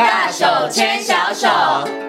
大手牽小手。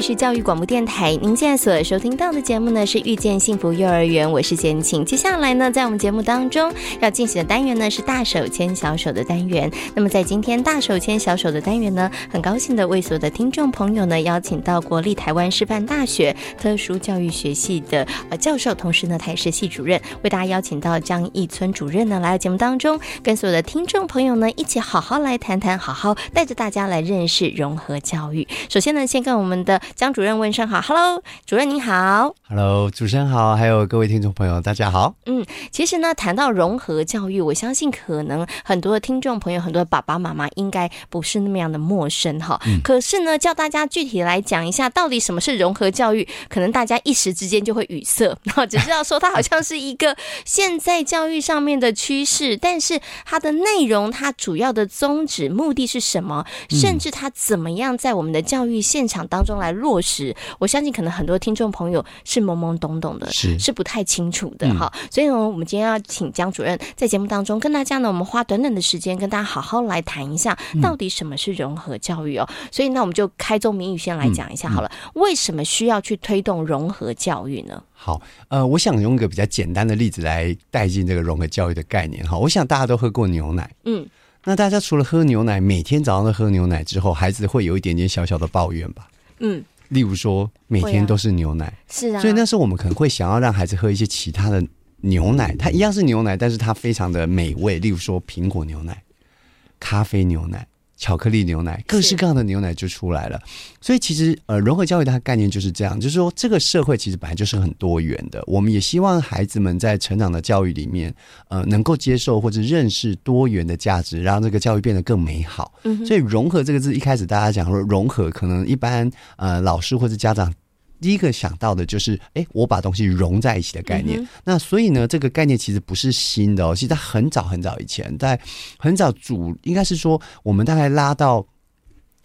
是教育廣播電臺，您現在所收聽到的節目呢是《遇見幸福幼兒園》，我是簡晴。請接下來呢，在我們節目當中要進行的單元呢是“大手牽小手”的單元。那麼在今天“大手牽小手”的單元呢，很高興的為所有的聽眾朋友呢邀請到國立臺灣師範大學特殊教育學系的呃教授，同時呢他也是系主任，為大家邀請到姜義村主任呢來到節目當中，跟所有的聽眾朋友呢一起好好來談談，好好帶着大家來認識融合教育。首先呢，先跟我們的。姜主任問，問聲好，Hello，主任您好，Hello，主持人好，還有各位聽眾朋友，大家好。嗯，其實呢，談到融合教育，我相信可能很多的聽眾朋友，很多爸爸媽媽應該不是那麼樣的陌生哈、嗯。可是呢，叫大家具體來講一下，到底什麼是融合教育？可能大家一時之間就會語塞，然後只知道說它好像是一個現在教育上面的趨勢， 但是它的內容，它主要的宗旨、目的是什麼，甚至它怎麼樣在我們的教育現場當中來。落實，我相信可能很多聽眾朋友是懵懵懂懂的，是是不太清楚的哈、嗯。所以呢，我們今天要請姜主任在節目當中跟大家呢，我們花短短的時間跟大家好好來談一下，到底什麼是融合教育哦。嗯、所以那我們就開宗明義先來講一下好了、嗯嗯，為什麼需要去推動融合教育呢？好，呃，我想用一個比較簡單的例子來帶進這個融合教育的概念哈。我想大家都喝過牛奶，嗯，那大家除了喝牛奶，每天早上都喝牛奶之後，孩子會有一點點小小的抱怨吧？嗯，例如說每天都是牛奶，嗯，對啊，是啊，所以那時候我們可能會想要讓孩子喝一些其他的牛奶，它一樣是牛奶，但是它非常的美味，例如說蘋果牛奶、咖啡牛奶。巧克力牛奶，各式各樣的牛奶就出來了。所以其實，呃，融合教育它的概念就是這樣，就是說這個社會其實本來就是很多元的。我們也希望孩子們在成長的教育裡面，呃，能夠接受或者認識多元的價值，讓這個教育變得更美好。所以融合這個字一開始大家講說融合，可能一般，呃，老師或者家長。第一個想到的就是，誒、欸，我把東西融在一起的概念、嗯。那所以呢，這個概念其實不是新的哦，其實它很早很早以前，在很早主應該是說，我們大概拉到，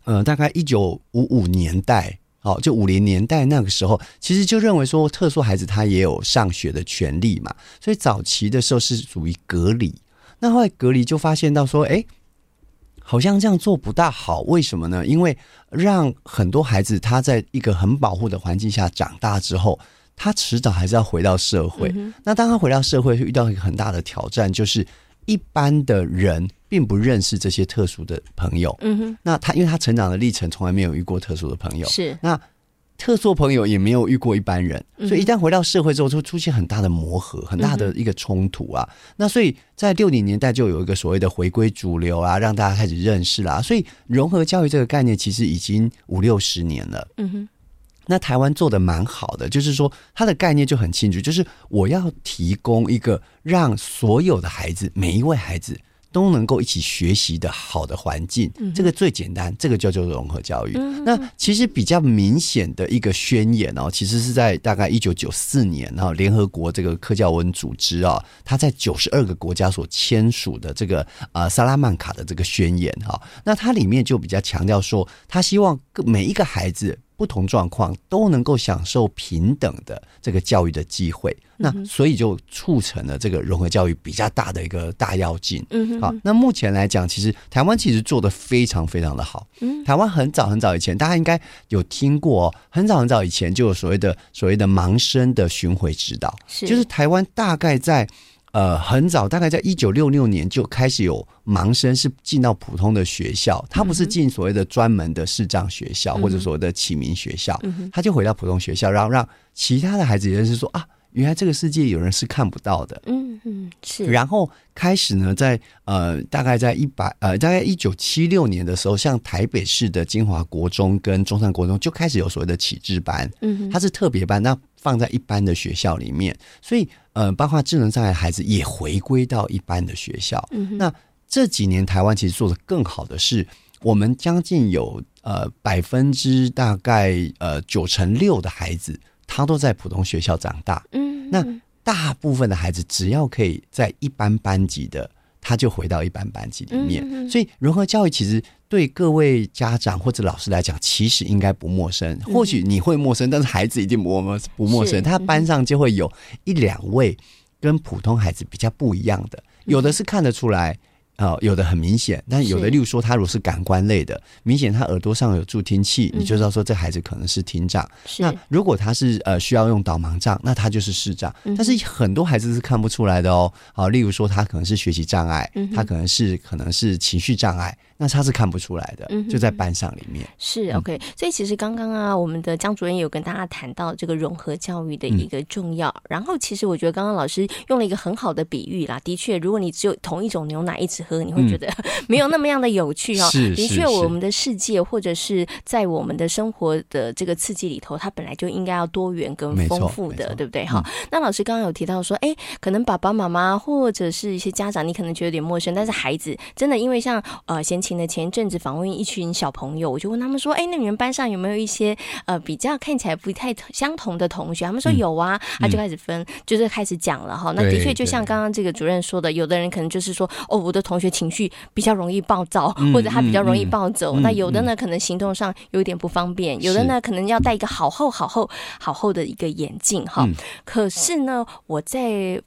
呃，大概一九五五年代，好、哦，就五零年，年代那個時候，其實就認為說特殊孩子他也有上學的權利嘛。所以早期的時候是屬於隔離，那後來隔離就發現到說，誒、欸。好像這樣做不大好，為什麼呢？因為讓很多孩子他在一個很保護的環境下長大之後，他遲早還是要回到社會。嗯、那當他回到社會，會遇到一個很大的挑戰，就是一般的人並不認識這些特殊的朋友。嗯哼，那他因為他成長的歷程從來沒有遇過特殊的朋友，是那。特殊朋友也沒有遇過一般人，所以一旦回到社會之後，就出現很大的磨合，很大的一個衝突啊、嗯。那所以在六零年代就有一個所謂的回歸主流啊，讓大家開始認識啦、啊。所以融合教育這個概念其實已經五六十年了。嗯哼，那台灣做得蠻好的，就是說它的概念就很清楚，就是我要提供一個讓所有的孩子，每一位孩子。都能夠一起學習的好的環境，嗯、這個最簡單，這個叫做融合教育、嗯。那其實比較明顯的一個宣言哦，其實是在大概一九九四年啊、哦，聯合國這個科教文組織啊、哦，他在九十二個國家所簽署的這個啊、呃、薩拉曼卡的這個宣言哈、哦，那它裡面就比較強調說，他希望每一個孩子。不同狀況都能夠享受平等的這個教育的機會、嗯，那所以就促成了這個融合教育比較大的一個大躍進。嗯，好，那目前來講，其實台灣其實做得非常非常的好。嗯，台灣很早很早以前，大家應該有聽過、哦，很早很早以前就有所謂的所謂的盲生的巡回指導，就是台灣大概在。呃，很早，大概在一九六六年就開始有盲生是進到普通的學校，他不是進所謂的專門的視障學校，嗯、或者所謂的啟明學校、嗯，他就回到普通學校，然後讓其他的孩子也認識說啊，原來這個世界有人是看不到的。嗯嗯，是。然後開始呢，在呃，大概在一百呃，大概一九七六年的時候，像台北市的金華國中跟中山國中就開始有所謂的啟智班，嗯，他是特別班，那放在一般的學校裡面，所以。呃，包括智能障礙孩子也回歸到一般的學校。嗯、那這幾年台灣其實做得更好的是，我們將近有呃百分之大概呃九成六的孩子，他都在普通學校長大。嗯，那大部分的孩子只要可以在一般班級的。他就回到一般班級裡面，嗯、所以融合教育其實對各位家長或者老師來講，其實應該不陌生。或許你會陌生，但是孩子一定不，不陌生。他班上就會有一兩位跟普通孩子比較不一樣的，有的是看得出來。嗯哦，有的很明顯，但有的，例如說他如果是感官類的，明顯他耳朵上有助聽器，你、嗯、就知道說這孩子可能是聽障。那如果他是呃需要用導盲杖，那他就是視障、嗯。但是很多孩子是看不出來的哦。好、哦，例如說他可能是學習障礙、嗯，他可能是可能是情緒障礙，那他是看不出來的，嗯、就在班上裡面。是 OK、嗯。所以其實剛剛啊，我們的姜主任有跟大家談到這個融合教育的一個重要。嗯、然後其實我覺得剛剛老師用了一個很好的比喻啦。的確，如果你只有同一種牛奶一直。喝，你會覺得沒有那麼樣的有趣哦。的、嗯、確，我們的世界或者是在我們的生活的這個刺激裡頭，它本來就應該要多元跟豐富的，對不對？哈、嗯。那老師剛剛有提到說，哎，可能爸爸媽媽或者是一些家長，你可能覺得有點陌生，但是孩子真的因為像呃，閒情的前一陣子訪問一群小朋友，我就問他們說，哎，那你們班上有沒有一些呃比較看起來不太相同的同學？他們說有啊，他、嗯啊、就開始分、嗯，就是開始講了哈、哦。那的確就像剛剛這個主任說的，有的人可能就是說，哦，我的同學同學情緒比較容易暴躁，或者他比較容易暴走。嗯嗯嗯、那有的呢，可能行動上有點不方便；嗯嗯、有的呢，可能要戴一個好厚、好厚、好厚的一個眼鏡哈。可是呢，嗯、我在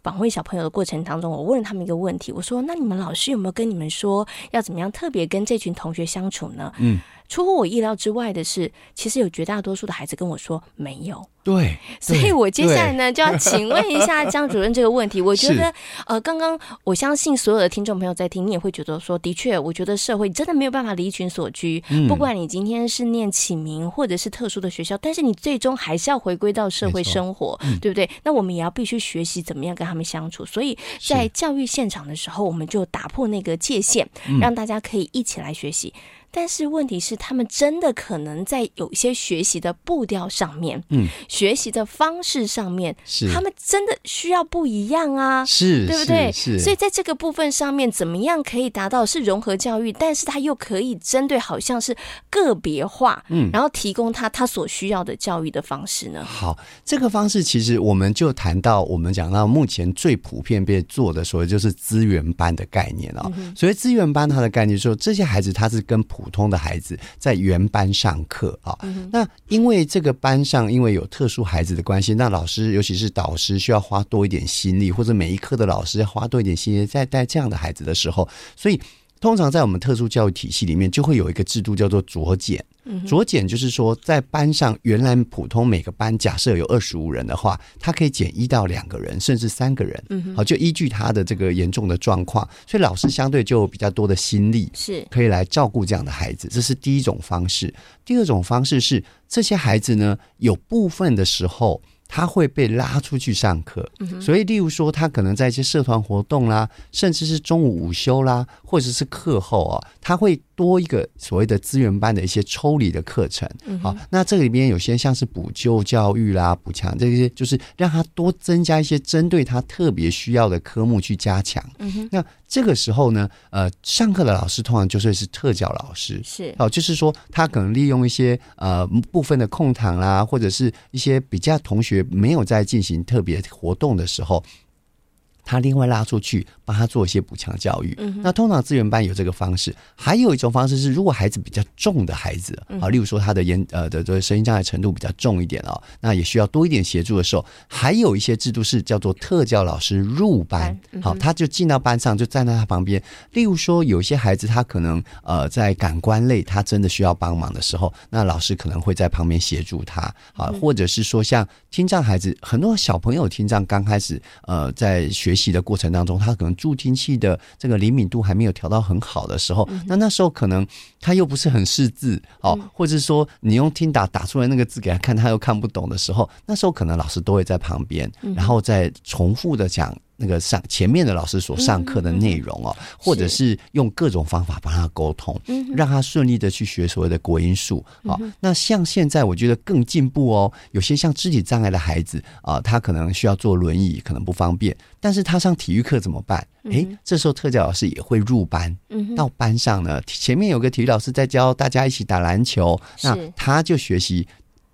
訪問小朋友的過程當中，我問了他們一個問題：我說，那你們老師有沒有跟你們說要怎麼樣特別跟這群同學相處呢？嗯，出乎我意料之外的是，其實有絕大多數的孩子跟我說沒有。對，對對 所以我接下來呢，就要請問一下姜主任這個問題。我覺得，呃，剛剛我相信所有的聽眾朋友在聽，你也會覺得說，的確，我覺得社會真的沒有辦法離群所居。嗯、不管你今天是念啟明或者是特殊的學校，但是你最終還是要回歸到社會生活、嗯，對不對？那我們也要必須學習怎麼樣跟他們相處。所以在教育現場的時候，我們就打破那個界限，讓大家可以一起來學習。嗯、但是問題是，他們真的可能在有些學習的步調上面，嗯。學習的方式上面，是他們真的需要不一樣啊，是，對不對？是，是，所以在這個部分上面，怎麼樣可以達到是融合教育，但是他又可以針對好像是個別化，嗯，然後提供他他所需要的教育的方式呢？好，這個方式其實我們就談到，我們講到目前最普遍被做的所謂就是資源班的概念啊、哦嗯，所以資源班它的概念說，就是，這些孩子他是跟普通的孩子在原班上課啊、哦嗯，那因為這個班上因為有特特殊孩子的關係，那老師尤其是導師需要花多一點心力，或者每一科的老師要花多一點心力，在帶這樣的孩子的時候，所以通常在我們特殊教育體系裡面，就會有一個制度叫做酌減。酌減就是說，在班上原來普通每個班假設有二十五人的話，他可以減一到兩個人，甚至三個人。好，就依據他的這個嚴重的狀況，所以老師相對就有比較多的心力，是可以來照顧這樣的孩子。這是第一種方式。第二種方式是，這些孩子呢，有部分的時候他會被拉出去上課。所以，例如說，他可能在一些社團活動啦，甚至是中午午休啦，或者是課後啊，他會。多一個所謂的資源班的一些抽離的課程，好、嗯，那這裡邊有些像是補救教育啦、補強這些，就是讓他多增加一些針對他特別需要的科目去加強、嗯。那這個時候呢，呃，上課的老師通常就會是特教老師，是好，就是說他可能利用一些呃部分的空堂啦，或者是一些比較同學沒有在進行特別活動的時候。他另外拉出去幫他做一些補強教育、嗯，那通常資源班有這個方式。還有一種方式是，如果孩子比較重的孩子好，例如說他的言呃的這個身心障礙程度比較重一點哦，那也需要多一點協助的時候，還有一些制度是叫做特教老師入班，好，他就進到班上就站在他旁邊、嗯。例如說，有些孩子他可能呃在感官類他真的需要幫忙的時候，那老師可能會在旁邊協助他啊、嗯，或者是說像聽障孩子，很多小朋友聽障剛開始呃在學。習的過程當中，他可能助聽器的這個靈敏度還沒有調到很好的時候、嗯，那那時候可能他又不是很識字哦、嗯，或者是說你用聽打打出來那個字給他看，他又看不懂的時候，那時候可能老師都會在旁邊，然後再重複的講。嗯嗯那個上前面的老師所上課的內容哦，嗯、或者是用各種方法幫他溝通，讓他順利的去學所謂的國音術好、嗯哦，那像現在我覺得更進步哦，有些像肢體障礙的孩子啊、呃，他可能需要坐輪椅，可能不方便，但是他上體育課怎麼辦？哎，這時候特教老師也會入班、嗯，到班上呢，前面有個體育老師在教大家一起打籃球，那他就學習。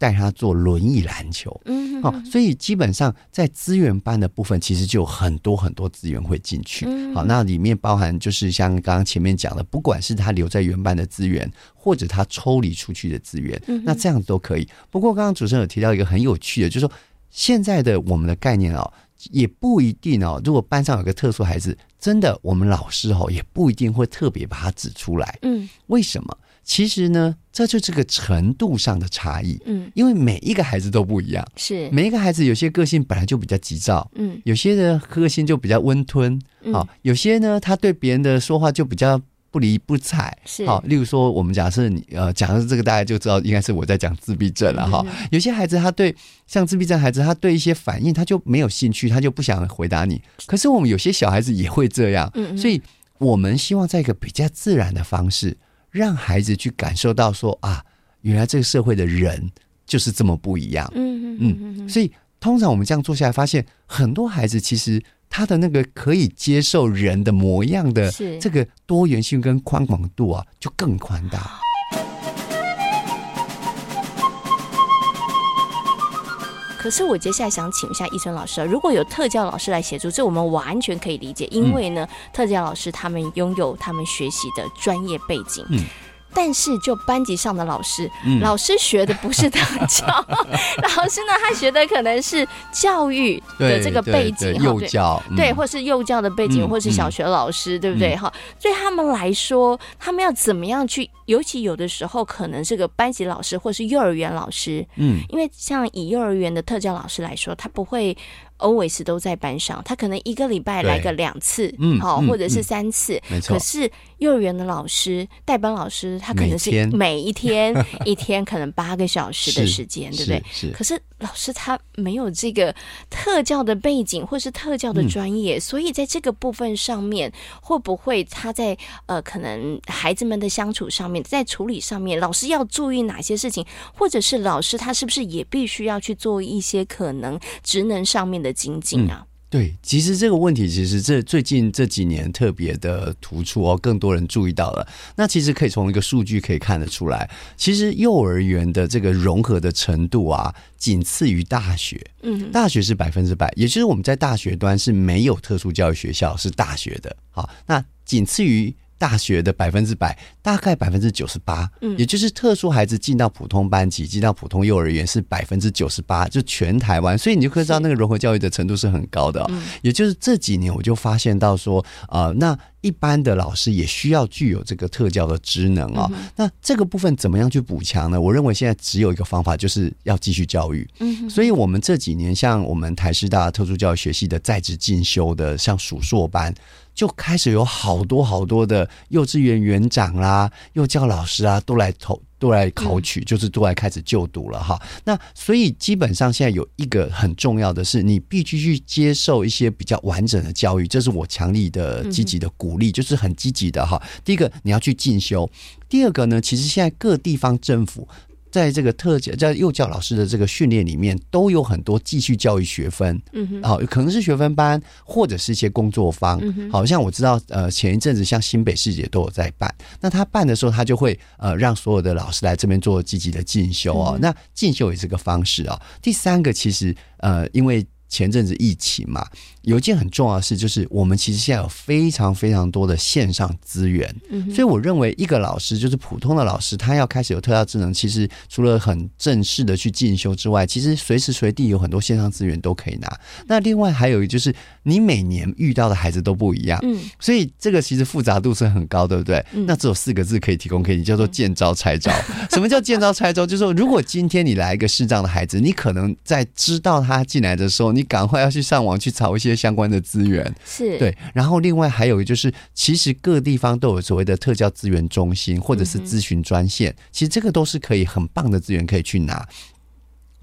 帶他做輪椅籃球，好、嗯哦，所以基本上在資源班的部分，其實就有很多很多資源會進去、嗯。好，那裡面包含就是像剛剛前面講的，不管是他留在原班的資源，或者他抽離出去的資源、嗯，那這樣子都可以。不過，剛剛主持人有提到一個很有趣的，就是說現在的我們的概念哦，也不一定哦。如果班上有個特殊孩子，真的，我們老師哦，也不一定會特別把他指出來。嗯，為什麼？其實呢，這就是這個程度上的差異。嗯，因為每一個孩子都不一樣。是，每一個孩子有些個性本來就比較急躁。嗯，有些呢個性就比較溫吞。啊、嗯哦，有些呢，他對別人的說話就比較不理不睬。是，好、哦，例如說，我們假設你呃，假設這個大家就知道，應該是我在講自閉症了哈、嗯哦。有些孩子他對像自閉症孩子，他對一些反應他就沒有興趣，他就不想回答你。可是我們有些小孩子也會這樣。嗯嗯。所以我們希望在一個比較自然的方式。讓孩子去感受到說啊，原來這個社會的人就是這麼不一樣。嗯嗯嗯，所以通常我們這樣做下來，發現很多孩子其實他的那個可以接受人的模樣的這個多元性跟寬廣度啊，就更寬大。 可是我接下來想請一下義村老師啊，如果有特教老師來協助，這我們完全可以理解，因為呢，嗯、特教老師他們擁有他們學習的專業背景。嗯但是，就班級上的老師，嗯、老師學的不是特教， 老師呢，他學的可能是教育的這個背景，對，幼教，對、嗯，或是幼教的背景，嗯、或是小學老師，嗯、對不對？哈、嗯，對他們來說，他們要怎麼樣去？尤其有的時候，可能是個班級老師，或是幼兒園老師，嗯，因為像以幼兒園的特教老師來說，他不會。always 都在班上。他可能一個禮拜來個兩次，嗯，好或者是三次，嗯嗯嗯，沒錯。可是幼兒園的老師代班老師，他可能是每一天，每天 一天可能八個小時的時間，對不對？是，是。可是老師他沒有這個特教的背景，或是特教的專業，嗯，所以在這個部分上面，會不會他在呃可能孩子們的相處上面，在處理上面，老師要注意哪些事情，或者是老師他是不是也必須要去做一些可能職能上面的？精進啊，對，其實這個問題其實這最近這幾年特別的突出哦，更多人注意到了。那其實可以從一個數據可以看得出來，其實幼兒園的這個融合的程度啊，僅次於大學。嗯，大學是百分之百，也就是我們在大學端是沒有特殊教育學校是大學的。好，那僅次於。大學的百分之百，大概百分之九十八，嗯，也就是特殊孩子進到普通班級，進到普通幼兒園是百分之九十八，就全台灣，所以你就可以知道那個融合教育，的程度是很高的哦。嗯，也就是這幾年我就發現到說、呃，那一般的老師也需要具有這個特教的知能啊、哦、嗯。那這個部分怎麼樣去補強呢？我認為現在只有一個方法，就是要繼續教育。嗯，所以我們這幾年像我們台師大特殊教育學系的在職進修的，像暑碩班。就開始有好多好多的幼稚園園長啦、啊，幼教老師啊，都來投，都來考取，嗯、就是都來開始就讀了哈。那所以基本上現在有一個很重要的是，你必須去接受一些比較完整的教育，這是我強力的、積極的鼓勵、嗯，就是很積極的哈。第一個你要去進修，第二個呢，其實現在各地方政府。在這個特教在幼教老師的這個訓練裡面，都有很多繼續教育學分，嗯哼，好、哦，可能是學分班或者是一些工作坊、嗯，好像我知道，呃，前一陣子像新北市也都有在辦。那他辦的時候，他就會呃讓所有的老師來這邊做積極的進修哦。嗯、那進修也是個方式哦，第三個其實呃，因為。前陣子疫情嘛，有一件很重要的事，就是我們其實現在有非常非常多的線上資源，嗯、所以我認為一個老師，就是普通的老師，他要開始有特教智能，其實除了很正式的去進修之外，其實隨時隨地有很多線上資源都可以拿。那另外還有一就是，你每年遇到的孩子都不一樣，嗯，所以這個其實複雜度是很高，對不對、嗯？那只有四個字可以提供給你，叫做見招拆招。嗯、 什麼叫見招拆招？就是說，如果今天你來一個視障的孩子，你可能在知道他進來的時候，你趕快要去上網去找一些相關的資源。是對，然後另外還有就是，其實各地方都有所謂的特教資源中心或者是諮詢專線、嗯，其實這個都是可以很棒的資源，可以去拿。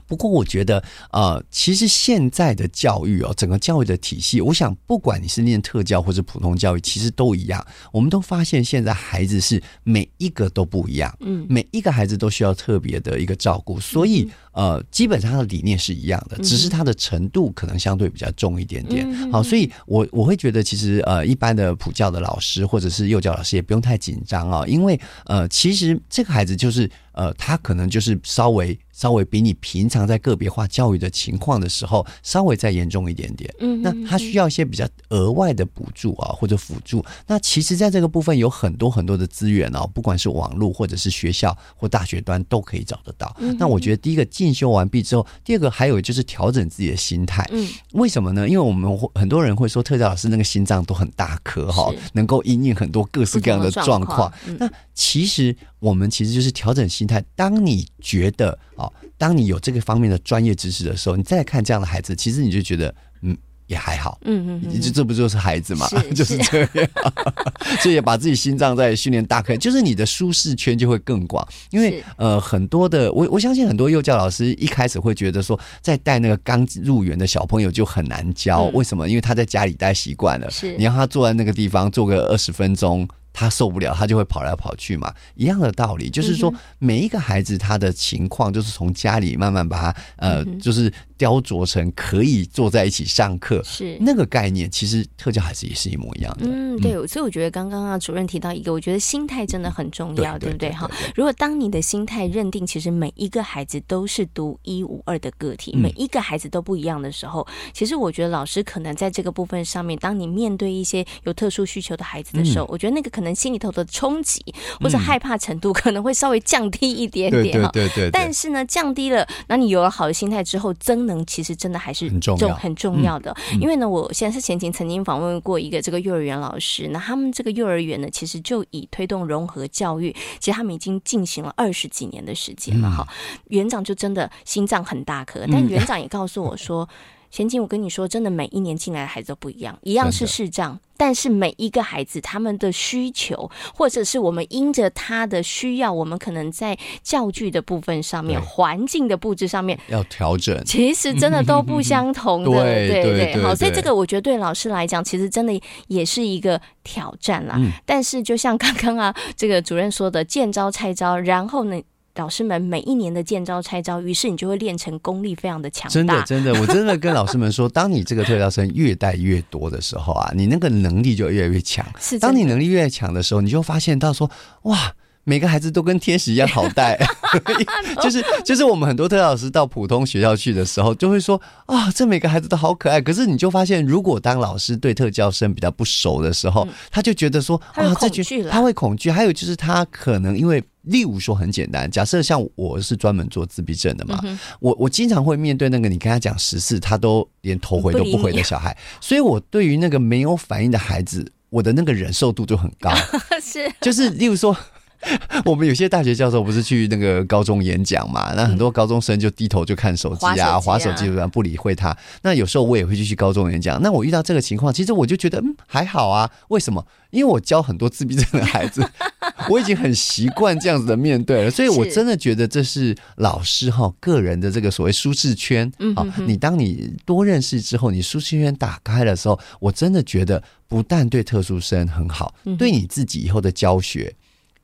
不過我覺得，呃，其實現在的教育，哦，整個教育的體系，我想不管你是念特教或者普通教育，其實都一樣。我們都發現現在孩子是每一個都不一樣，嗯，每一個孩子都需要特別的一個照顧，所以呃，基本上他的理念是一樣的，只是他的程度可能相對比較重一點點。好，所以我，我我會覺得，其實呃，一般的普教的老師或者是幼教老師也不用太緊張啊、哦，因為呃，其實這個孩子就是呃，他可能就是稍微。稍微比你平常在個別化教育的情況的時候，稍微再嚴重一點點。嗯哼哼，那他需要一些比較額外的補助啊，或者輔助。那其實在這個部分有很多很多的資源哦、啊，不管是網絡或者是學校或大學端都可以找得到、嗯哼哼。那我覺得第一個進修完畢之後，第二個還有就是調整自己的心態。嗯，為什麼呢？因為我們會很多人會說，特教老師那個心臟都很大顆哈、哦，能夠因應很多各式各樣的狀況。狀況嗯、那其實我們其實就是調整心態。當你覺得哦，當你有這個方面的專業知識的時候，你再看這樣的孩子，其實你就覺得嗯，也還好。嗯嗯，這這不就是孩子嘛？就是這樣， 所以也把自己心臟再訓練大顆，就是你的舒適圈就會更廣。因為呃，很多的我我相信很多幼教老師一開始會覺得說，在帶那個剛入園的小朋友就很難教。嗯、為什麼？因為他在家裡待習慣了，是你讓他坐在那個地方坐個二十分鐘。他受不了，他就會跑來跑去嘛，一樣的道理，就是說每一個孩子他的情況，就是從家裡慢慢把他，嗯、呃，就是。雕琢成可以坐在一起上課是那個概念，其實特教孩子也是一模一樣的。嗯，對，嗯、所以我覺得剛剛啊主任提到一個，我覺得心態真的很重要，嗯、對，對，對，對，對，對不對哈？如果當你的心態認定，其實每一個孩子都是獨一無二的個體，嗯，每一個孩子都不一樣的時候，其實我覺得老師可能在這個部分上面，當你面對一些有特殊需求的孩子的時候，嗯、我覺得那個可能心裡頭的衝擊或者害怕程度可能會稍微降低一點點，嗯、對，對，對對對。但是呢，降低了，那你有了好的心態之後真的。能其實真的還是很重要、很重要的，因為呢，我現在是前情曾經訪問過一個這個幼兒園老師，那他們這個幼兒園呢，其實就已推動融合教育，其實他們已經進行了二十幾年的時間了哈。園長就真的心臟很大顆，但園長也告訴我說。前青，我跟你說，真的每一年進來的孩子都不一樣，一樣是視障，但是每一個孩子他們的需求，或者是我們因着他的需要，我們可能在教具的部分上面、環境的布置上面要調整。其實真的都不相同的， 對對對。好，所以這個我覺得對老師來講，其實真的也是一個挑戰啦。嗯、但是就像剛剛啊，這個主任說的，見招拆招，然後呢，老師們每一年的見招拆招，於是你就會練成功力非常的強大。真的，真的，我真的跟老師們說， 當你這個特教生越帶越多的時候啊，你那個能力就越來越強。是，當你能力越強的時候，你就發現到說，哇。每個孩子都跟天使一樣好帶， 就是就是我們很多特教老師到普通學校去的時候，就會說啊，這每個孩子都好可愛。可是你就發現，如果當老師對特教生比較不熟的時候，嗯、他就覺得說了啊，這句他會恐懼。還有就是他可能因為例如說很簡單，假設像我是專門做自閉症的嘛，嗯、我我經常會面對那個你跟他講十次，他都連頭回都不回的小孩。啊、所以我對於那個沒有反應的孩子，我的那個忍受度就很高。 是，就是例如說。 我們有些大學教授不是去那個高中演講嘛？那很多高中生就低頭就看手機啊，嗯、啊，滑手機，不然不理會他。那有時候我也會去去高中演講，那我遇到這個情況，其實我就覺得嗯還好啊。為什麼？因為我教很多自閉症的孩子， 我已經很習慣這樣子的面對了。所以我真的覺得這是老師哈個人的這個所謂舒適圈好，你當你多認識之後，你舒適圈打開的時候，我真的覺得不但對特殊生很好，嗯、對你自己以後的教學。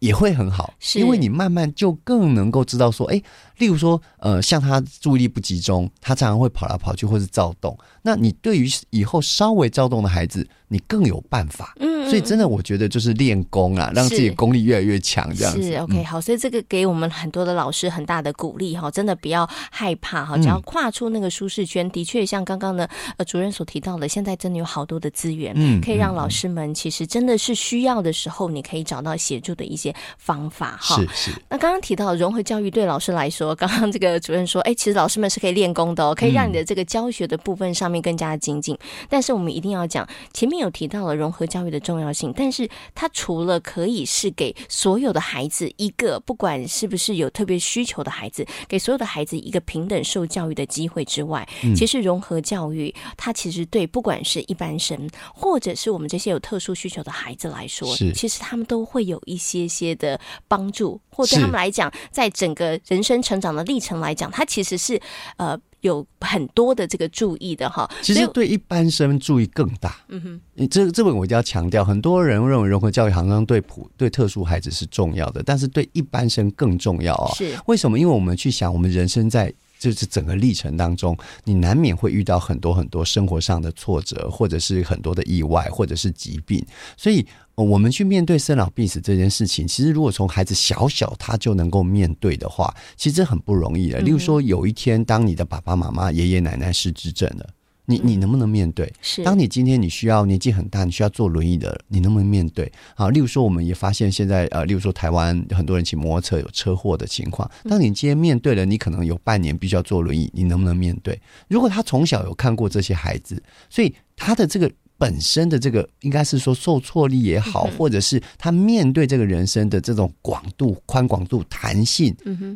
也會很好，因為你慢慢就更能夠知道說，誒，例如說，呃，像他注意力不集中，他常常會跑來跑去或是躁動。那你對於以後稍微躁動的孩子。你更有辦法，嗯，所以真的，我覺得就是練功啊，嗯嗯，讓自己功力越來越強，這樣子，是。OK，好，所以這個給我們很多的老師很大的鼓勵哈，真的不要害怕哈，只要跨出那個舒適圈，嗯、的確像剛剛的呃主任所提到的，現在真的有好多的資源，嗯，嗯，嗯，可以讓老師們其實真的是需要的時候，你可以找到協助的一些方法哈。是是。那剛剛提到的融合教育對老師來說，剛剛這個主任說，哎、欸，其實老師們是可以練功的哦，可以讓你的這個教學的部分上面更加精進，嗯嗯。但是我們一定要講前面。有提到了融合教育的重要性，但是它除了可以是給所有的孩子一個不管是不是有特別需求的孩子，給所有的孩子一個平等受教育的機會之外，嗯，其實融合教育它其實對不管是一般生或者是我們這些有特殊需求的孩子來說，其實他們都會有一些些的幫助，或對他們來講，在整個人生成長的歷程來講，它其實是呃。有很多的這個注意的哈，其實對一般生注意更大。嗯哼，這這本我就要強調，很多人認為融合教育好像對普對特殊孩子是重要的，但是對一般生更重要啊、哦。是為什麼？因為我們去想，我們人生在就是整個歷程當中，你難免會遇到很多很多生活上的挫折，或者是很多的意外，或者是疾病，所以。我們去面對生老病死這件事情，其實如果從孩子小小他就能夠面對的話，其實很不容易的。例如說，有一天當你的爸爸媽媽、爺爺奶奶失智症了，你你能不能面對？嗯，是。當你今天你需要年紀很大，你需要坐輪椅的，你能不能面對？好，啊，例如說，我們也發現現在呃，例如說台灣很多人騎摩托車有車禍的情況，當你今天面對了，你可能有半年必須要坐輪椅，你能不能面對？如果他從小有看過這些孩子，所以他的這個。本身的這個，應該是說受挫力，也好，或者是他面對這個人生的這種廣度、寬廣度、彈性、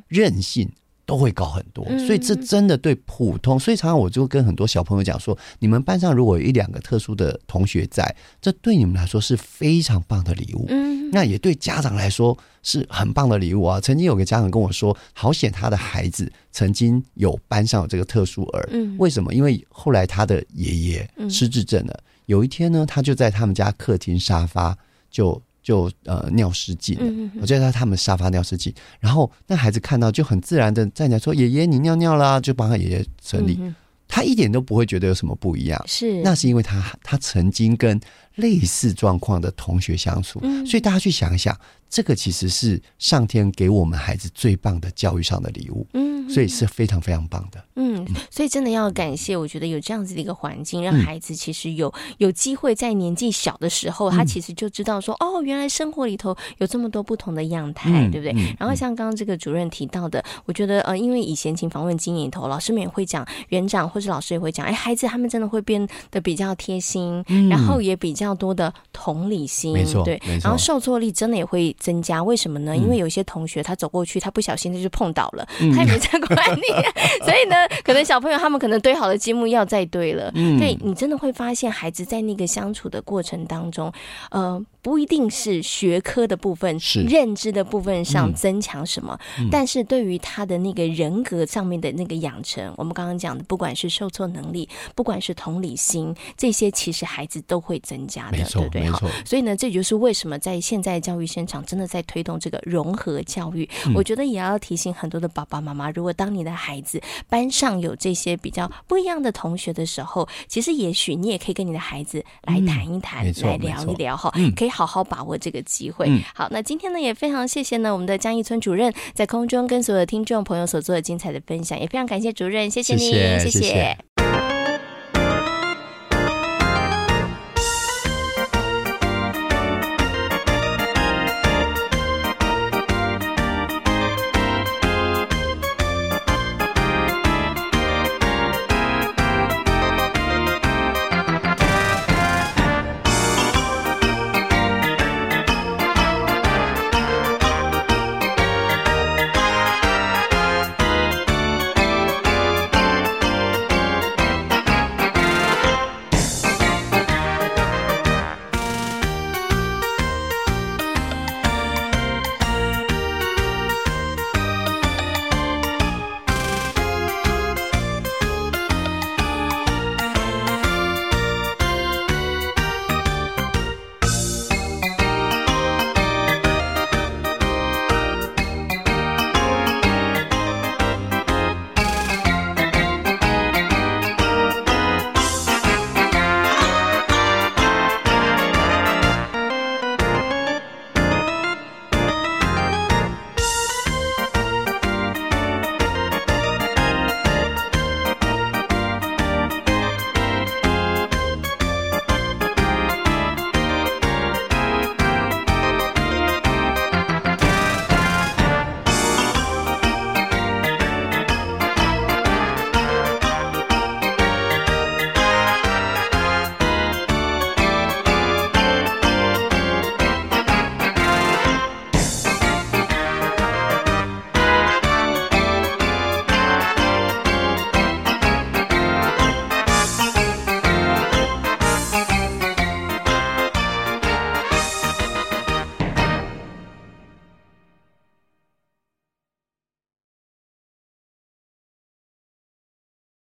韌性。都會高很多，所以這真的對普通。所以常常我就跟很多小朋友講說，你們班上如果有一兩個特殊的同學在，這對你們來說是非常棒的禮物。那也對家長來說是很棒的禮物啊。曾經有個家長跟我說，好險他的孩子曾經有班上有這個特殊兒。為什麼？因為後來他的爺爺失智症了。有一天呢，他就在他們家客廳沙發就。就呃尿失禁了、嗯，我覺得他他們沙發尿失禁，然後那孩子看到就很自然的站起來說：“爺爺你尿尿啦！”就幫他爺爺整理、嗯，他一點都不會覺得有什麼不一樣。是，那是因為他他曾經跟類似狀況的同學相處、嗯，所以大家去想一想。這個其實是上天給我們孩子最棒的教育上的禮物，嗯，所以是非常非常棒的，嗯，嗯，所以真的要感謝，我覺得有這樣子的一個環境、嗯，讓孩子其實有有機會在年紀小的時候、嗯，他其實就知道說，哦，原來生活裡頭有這麼多不同的樣態、嗯，對不對？嗯嗯、然後像剛剛這個主任提到的，我覺得呃，因為以前請訪問經驗裡頭，老師們也會講，園長或者老師也會講，哎、欸，孩子他們真的會變得比較貼心、嗯，然後也比較多的同理心，沒錯，對，然後受挫力真的也會。增加為什麼呢？因為有些同學他走過去，他不小心他就碰倒了，嗯、他也沒在管你。 所以呢，可能小朋友他們可能堆好的積木要再堆了。對、嗯，你真的會發現孩子在那個相處的過程當中，嗯、呃。不一定是學科的部分，是認知的部分上增強什麼。嗯嗯，但是對於他的那個人格上面的那個養成，嗯，我們剛剛講的，不管是受挫能力，不管是同理心，這些其實孩子都會增加的，對不對，對？好，所以呢，這就是為什麼在現在教育現場真的在推動這個融合教育。嗯、我覺得也要提醒很多的爸爸媽媽，如果當你的孩子班上有這些比較不一樣的同學的時候，其實也許你也可以跟你的孩子來談一談，嗯，來聊一聊，哈、嗯，可以。好好把握這個機會。嗯、好，那今天呢，也非常謝謝呢，我們的姜義村主任在空中跟所有聽眾朋友所做的精彩的分享，也非常感謝主任，謝謝你，謝謝。謝謝謝謝。